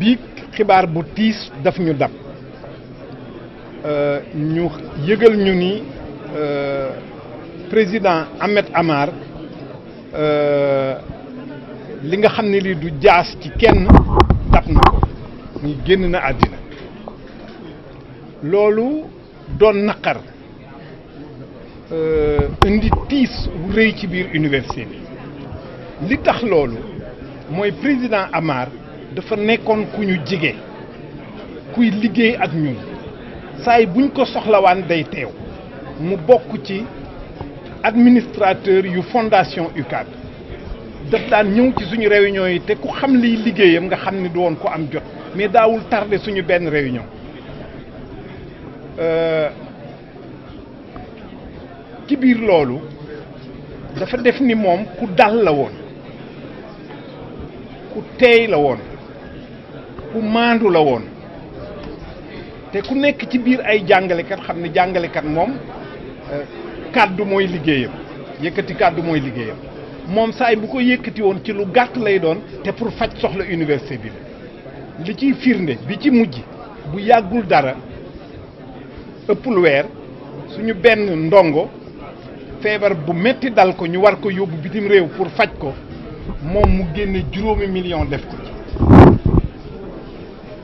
bii xibaar bu tiis daf ñu dab euh, ñu yëgal ñu ni euh, président Ahmed Amar euh, li nga xam ne lii du jaas ci kenn dab na ko muy génn na àddina loolu doon naqar indi tiis wu rëy ci biir université bi li tax loolu mooy président Amar dafa nekkoon ku ñu jigee kuy liggéey ak ñun saay buñ ko soxlawaan day teew mu bokk ci administrateur yu fondation UCAD daf daan ñëw ci suñu réunion yi te ku xam liy liggéeyam nga xam ni du woon ko am jot mais daawul tardé suñu benn réunion euh, ci biir loolu dafa def ni moom ku dal la woon ku teey la woon ku maandu la won té ku nekk ci biir ay jàngalekat xam ne jàngalekat moom euh, kaddu moy liggéeyam yëkëti kaddu moy liggéeyam mom say bu ko yëkëti won ci lu gatt lay doon te pour fajj soxla université bi li ci firnde bi ci mujj bu yagul dara lu wër suñu benn ndongo feebar bu metti dal ko ñu war ko yóbbu bitim réew pour faj ko moom mu génne juróomi million def ko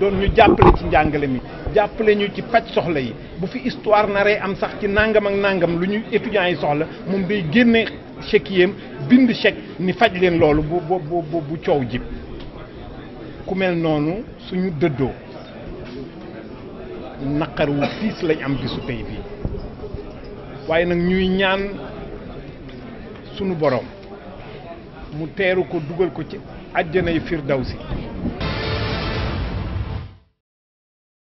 doon ñu jàppale ci njàngale mi jàppale ñu ci paj soxla yi bu fi histoire naree am sax ci nàngam ak nàngam lu ñu étudiants yi soxla moom day génne chèque yéem bind chèque ni faj leen loolu bu bu bu coow jib ku mel noonu suñu dëddoo naqar wu tiis lañ am bisu tey bii waaye nag ñuy ñaan sunu boroom mu teeru ko dugal ko ci àjjanay si